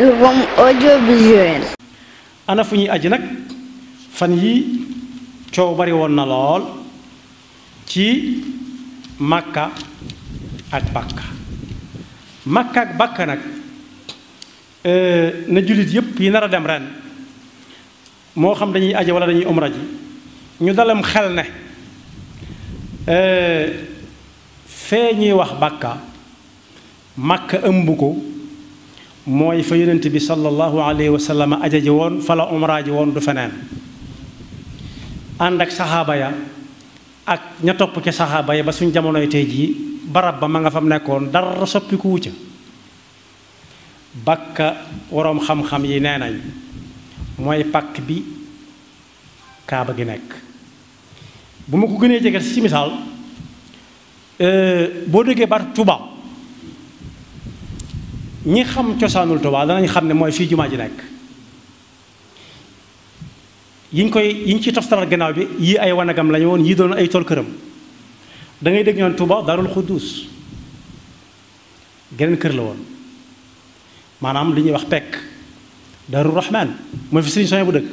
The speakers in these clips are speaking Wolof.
El ñuy aji nag fan yi coow bari woon na lool ci Makka ak Bakka Makka ak Bakka nag eh, na jullit yépp yi nar a dem ren moo xam dañuy aji wala dañuy umra ji ñu dalam xel ne eh, fee ñuy wax Bakka Makka ëmb ko moy fa yonent bi sallallahu alayhi wa sallam ajaji won fala la umraaji woon du fenen andak sahaba ya ak ña top ca sahaba ya ba suñ jamono tey jii barab ba ma nga fam dar soppi ku bakka worom xam-xam yi nenañ moy pak bi kaaba gi nek bu ma ko ci si euh bo déggee bar tuba ñi xam cosaanul Tuubaa danañ xam ne mooy fii jumaa ji nekk yiñ koy yiñ ci toftalal gannaaw bi yii ay wanagam lañu woon yii doon ay tool këram da ngay dégg ñoon Tuubaa Daarul geneen kër la woon maanaam li ñuy wax pekk Daarul Rahmaan mooy fi sëriñ Soñ bu dëkk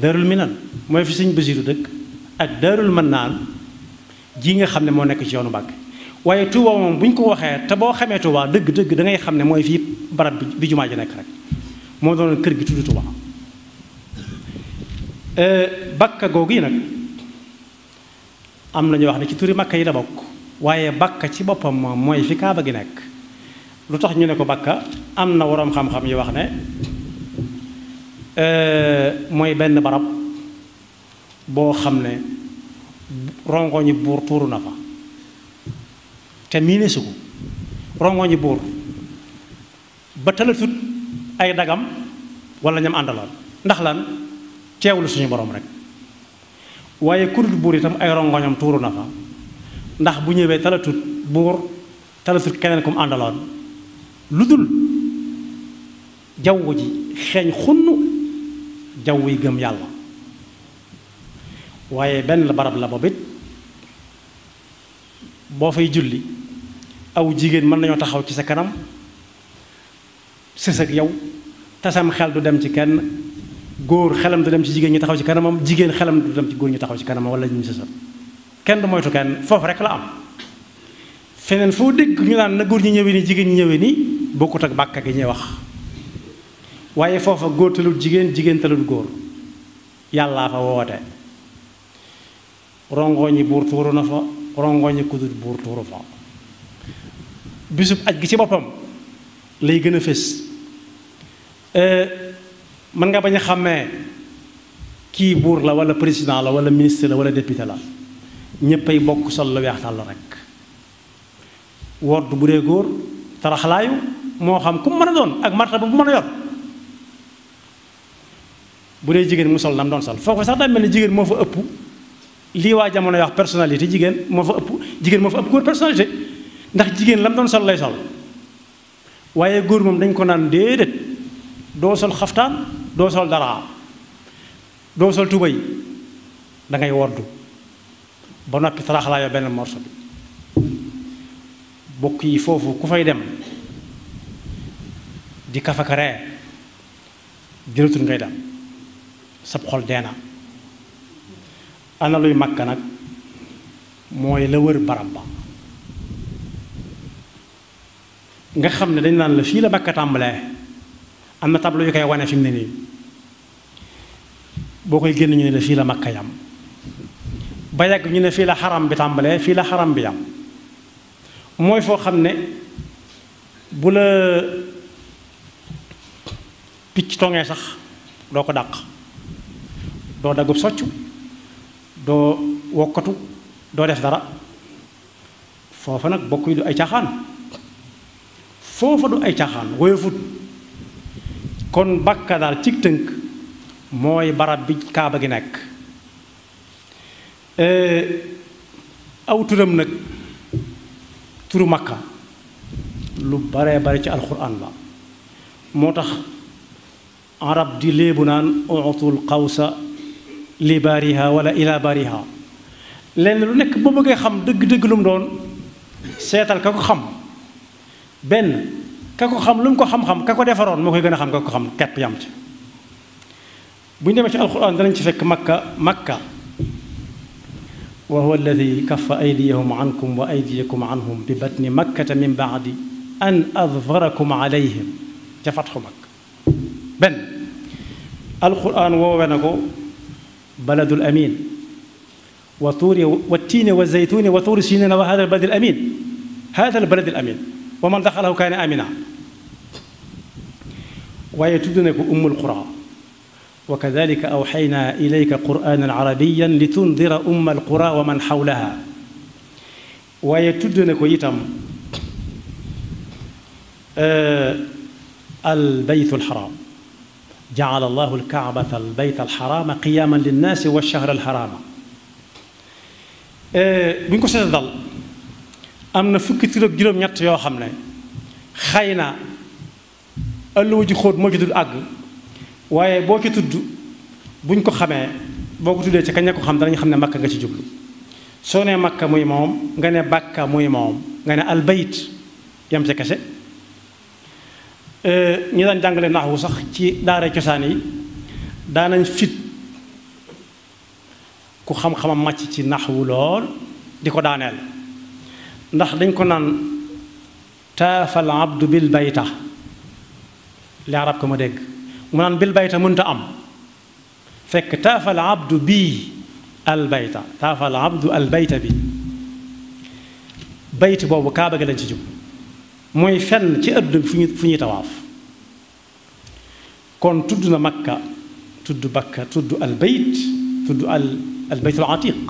Daarul Minan mooy fi sëriñ Basiiru dëkk ak man Mannaan jii nga xam ne moo nekk ci yoonu Mbàkke waaye Touba moom bu ñu ko waxee te boo xamee Touba dëgg dëgg dangay xam ne mooy fii barab bi jumaa ji nekk rek moo doon kër gi tudd Touba euh, bakka googu yi nag am na ñoo wax ne ci turi makka yi la bokk waaye bakka ci boppam moom mooy fi kaaba gi nekk lu tax ñu ne ko bakka am na waroom xam-xam yi wax ne euh, mooy benn barab boo xam ne rongoñi buur tuuru na fa te miineesu ko rongoñi buur ba tëlatut ay dagam wala ñam àndaloon ndax lan teewlu suñu borom rek waaye kurut buur itam ay rongoñam tuuru na fa ndax bu ñëwee talatut buur talatut keneen kum àndaloon lu dul jaww ji xeeñ xunn jaww yi gëm yàlla waaye benn barab la boobu it boo fay julli aw jigéen mën nañoo taxaw ci sa kanam sës yow tasam xel du dem ci kenn góor xelam du dem ci jigéen ñi taxaw ci kanamam jigéen xelam du dem ci góor ñi taxaw ci kanamam wala ñu sësal kenn du moytu kenn foofu rekk la am feneen foo dégg ñu naan na góor ñi ñëwee nii jigéen ñi ñëwee nii bokkut ak bàkka gi ñuy wax waaye foofa góor talul jigéen jigéen talul góor yàllaa fa woote rongoñ yi buur tuuru na fa rongoñ kudut buur tuuru fa bisub aj gi ci boppam lay gën a fés euh, mën nga bañ a xàmmee kii buur la wala président la wala ministre la wala député la ñéppay bokk sol la weex tàll rek wordu bu dee góor taraxlaayu moo xam ku mu mën a doon ak martaba mu mën a yor bu dee jigéen mu sol nam doon sol foofu sax daa mel ni jigéen moo fa ëpp lii waa jamono wax personnalité jigéen moo fa ëpp jigéen moo fa ëpp góor personnalité ndax jigéen lam doon sol lay sol waaye góor moom dañ ko naan déedéet doo sol xaftaan doo sol dara doo sol tubay da ngay ba noppi taraxalaayoo benn morso bi bokk yi foofu ku fay dem di kafaka ree jëratul ngay dem sab xol dee na ana nag mooy la wër barab ba nga xam ne dañ naan la fii la Makka tàmbalee am na tableau yu koy wane fi mu ne nii boo koy génn ñu ne la fii la Makka yam ba yàgg ñu ne fii la xaram bi tàmbalee fii la xaram bi yam mooy foo xam ne bu la picc tongee sax doo ko dàq doo daggub soccu doo wokkatu doo def dara foofu nag bokk ay caaxaan foofa du ay caaxaan woyofut kon bakka daal cig tënk mooy barab bi kaaba gi nekk aw turam nag turu makka lu baree bare ci alquran la moo tax arab di léebu naan utul xawsa li baariha wala ila baariha lenn lu nekk boo bëggee xam dëgg-dëgg lu mu doon seetal ka ko xam benn ka ko xam lu mu ko xam-xam ka ko defaroon moo koy gën a xam ka ko xam kepp yam ci bu ñu demee ci alquran danañ ci fekk makka makka wa huwa alladi kaffa aydiyahum ankum wa aydiyakum anhum bi batni makkata min baadi an adfarakum alayhim ca fatxu makk benn alquran woowe na ko baladul amin wa tuuri wa tiine wa zeytuuni wa tuuri siniina wa hada albaladi alamin hada albaladi alamin ومن دخله كان امنا ويتدنك ام القرى وكذلك اوحينا اليك قرانا عربيا لتنذر ام القرى ومن حولها ويتدنك يتم آه البيت الحرام جعل الله الكعبة البيت الحرام قياما للناس والشهر الحرام آه بنكو سيدل amna fukki tur ak juróom-ñett yoo xam ne xëy na ëllëwa ji xóot moo ci dul àgg waaye boo ci tudd buñ ko xamee boo ko tuddee ci kañ ko xam danañ xam ne makka nga ci jublu soo nee makka muy moom nga ne bàkka muy moom nga ne albayit yam ca kese ñu daan jàngale naxwu sax ci daara cosaan yi daanañ fit ku xam-xamam màcc ci naxwu lool di ko daaneel ndax dañ ko naan taafal abdu bil bayta li arab ko ma dégg mu naan bil bayta mënta am fekk taafal abdu bi al bayta taafal abdu al bayta bi bayt boobu kaaba gi lañ ci jub mooy fenn ci ëdd fu ñu fu ñuy tawaaf kon tudd na makka tudd bakka tudd al bayt tudd al al baytul atiq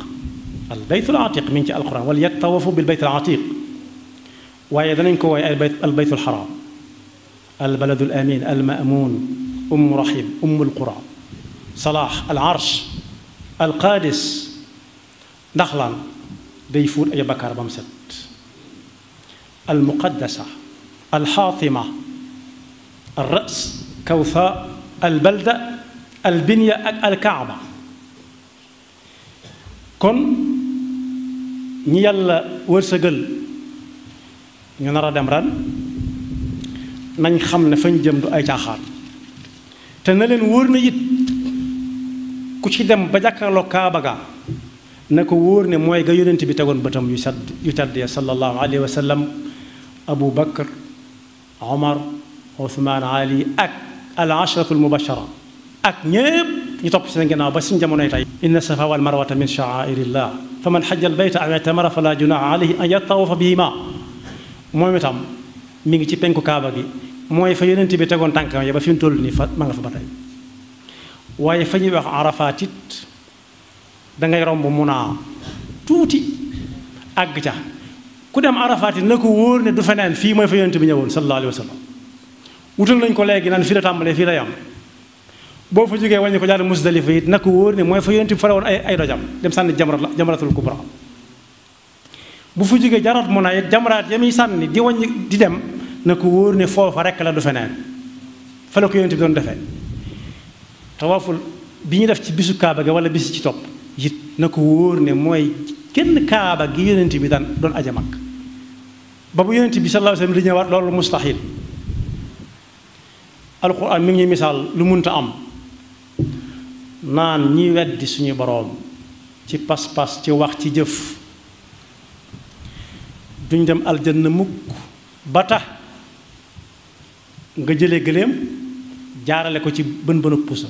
البيت العتيق من تي القران وليتطوفوا بالبيت العتيق وهي دنكو البيت البيت الحرام البلد الامين المامون ام رحيم ام القرى صلاح العرش القادس دخلا ديفور اي بكر بمست المقدسة الحاطمة الرأس كوثاء البلدة البنية الكعبة كن ñi yàlla wërsëgal ñu nar a dem ran nañ xam ne fañ jëm du ay caaxaan te na leen wóor na it ku ci dem ba jàkkaarloo kaaba ga na ko wóor ne mooy ga yonent bi tegoon bëtam yu sedd yu ya sallallahu alayhi wa sallam abu bakr omar othman ali ak al ashratu al mubashara ak ñépp يطب سنجنا بس جمونا إن الصفا والمروة من شعائر الله فمن حج البيت أو اعتمر فلا جناع عليه أن يطوف بهما موي متام ميغي تي بنكو كاباغي موي فا يوننتي بي تانكا يبا فين تولني فا ماغا فا باتاي واي فا ني واخ عرفات دا غاي رومب منا توتي اغجا كودم نكو وور ني في موي فا يوننتي بي نيوول الله عليه وسلم وتل نانكو لغي نان في لا تامل يام bo fa jógee wàññi ko jaar musdalifa it nak ko wóor ne moy fa yonent farawon ay ay dojam dem sànni jamrat la jamratul kubra bu fa jógee jarat mona naa jamrat yami sànni di wàññi di dem nak ko wóor ne fofa rek la du fenen fa la ko yonent don defe tawaful biñu def ci bisu kaaba ga wala bisu ci top yit nak ko wóor ne moy kenn kaaba gi yonent bi daan don aja mak ba bu yonent bi sallallahu alaihi wasallam di ñewat lolu mustahil alquran mi ngi misaal lu munta am naan ñi weddi suñu boroom ci pas-pas ci wax ci jëf duñ dem aljanna mukk ba nga jële gëléem jaarale ko ci bën bënu pusa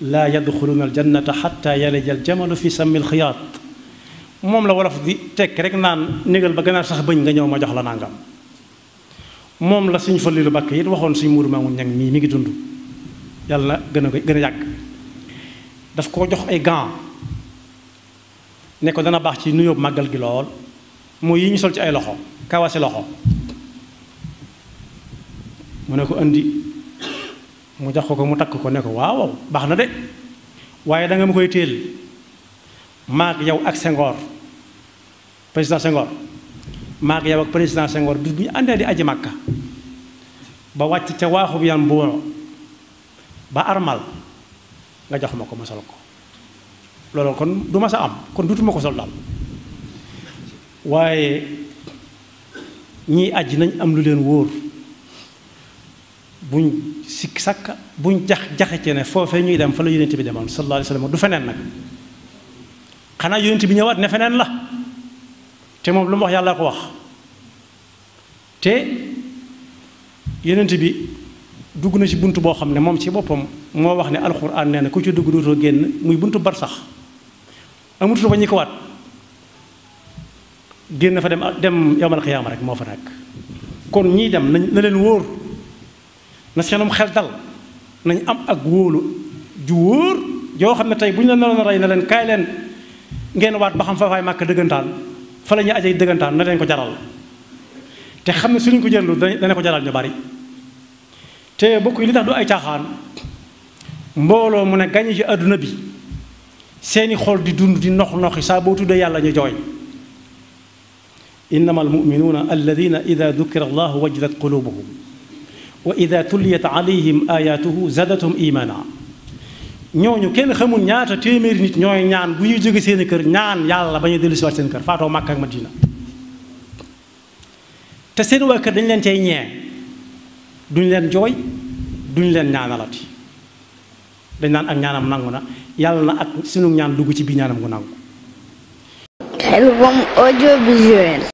laa yadxuluuna aljannata xatta yalija aljamalu fi sammi alxiyaat moom la wolof di tekki rek naan négal ba ganaar sax bëñ nga ñëw ma jox la nangam moom la suñ falilu bàkk it waxoon suñ muuru maamu ñag mii mi ngi dund yalla gëna gëna a daf ko jox ay gant ne ko dana bax ci nuyo magal gi lol mooy yi ñu sol ci ay loxo kawasi loxo mu ne ko andi mu jox ko mu tak ko ne ko waaw bax na de waye da nga koy téel yow ak sengor président sengor mag yow ak président sengor bu ñu andé di aji makka ba wacc ci waxu bi ba armal nga jox ma ko ma sol ko loolu kon du ma sa am kon dutuma ko sol waaye ñii aji nañ am lu leen wóor buñ sikk sakka buñ jax jaxe ci ne foofee ñuy dem fa la yonent bi demoon sallallahu alayhi wa du feneen nag xanaa yonent bi ñëwaat ne feneen la te moom lu ma wax yàllaa ko wax te yonent bi dugg na ci buntu boo xam ne moom ci boppam moo wax ne alquran nee na ku ci dugg dootoo génn muy buntu bar sax amutu ba ñi ko waat génn fa dem dem yowmal xiyaama rek moo fa nekk kon ñii dem nañ na leen wóor na seenum xel dal nañ am ak wóolu ju wóor yoo xam ne tey bu ñu la naroon a rey na leen kaay leen ngeen waat ba xam fa fay màkk dëggantaan fa la ñuy ajay dëggantaan na leen ko jaral te xam ne suñu ko jëllu dana ko jaral ñu bari te bokku li tax du ay caaxaan mbolo mu ne gagné ci aduna bi seeni xol di dund di nox noxi sa bo tudde yàlla ñu joy innamal mu'minuna alladhina idha dhukira allah wajadat qulubuhum wa idha tuliyat alayhim ayatuhu zadatuhum imana ñoñu kenn xamul ñaata témer nit ñoy ñaan bu ñu jëgé seen kër ñaan yàlla bañu delu ci wat seen kër faato Màkka ak Madina te seen wa kër dañ leen tay ñeñ duñ leen jooy duñ leen ñaanalati dañ naan ak ñaanam nangu na yàlla na ak sunu ñaan dugg ci biir ñaanam gu nangu. Album audiovisuel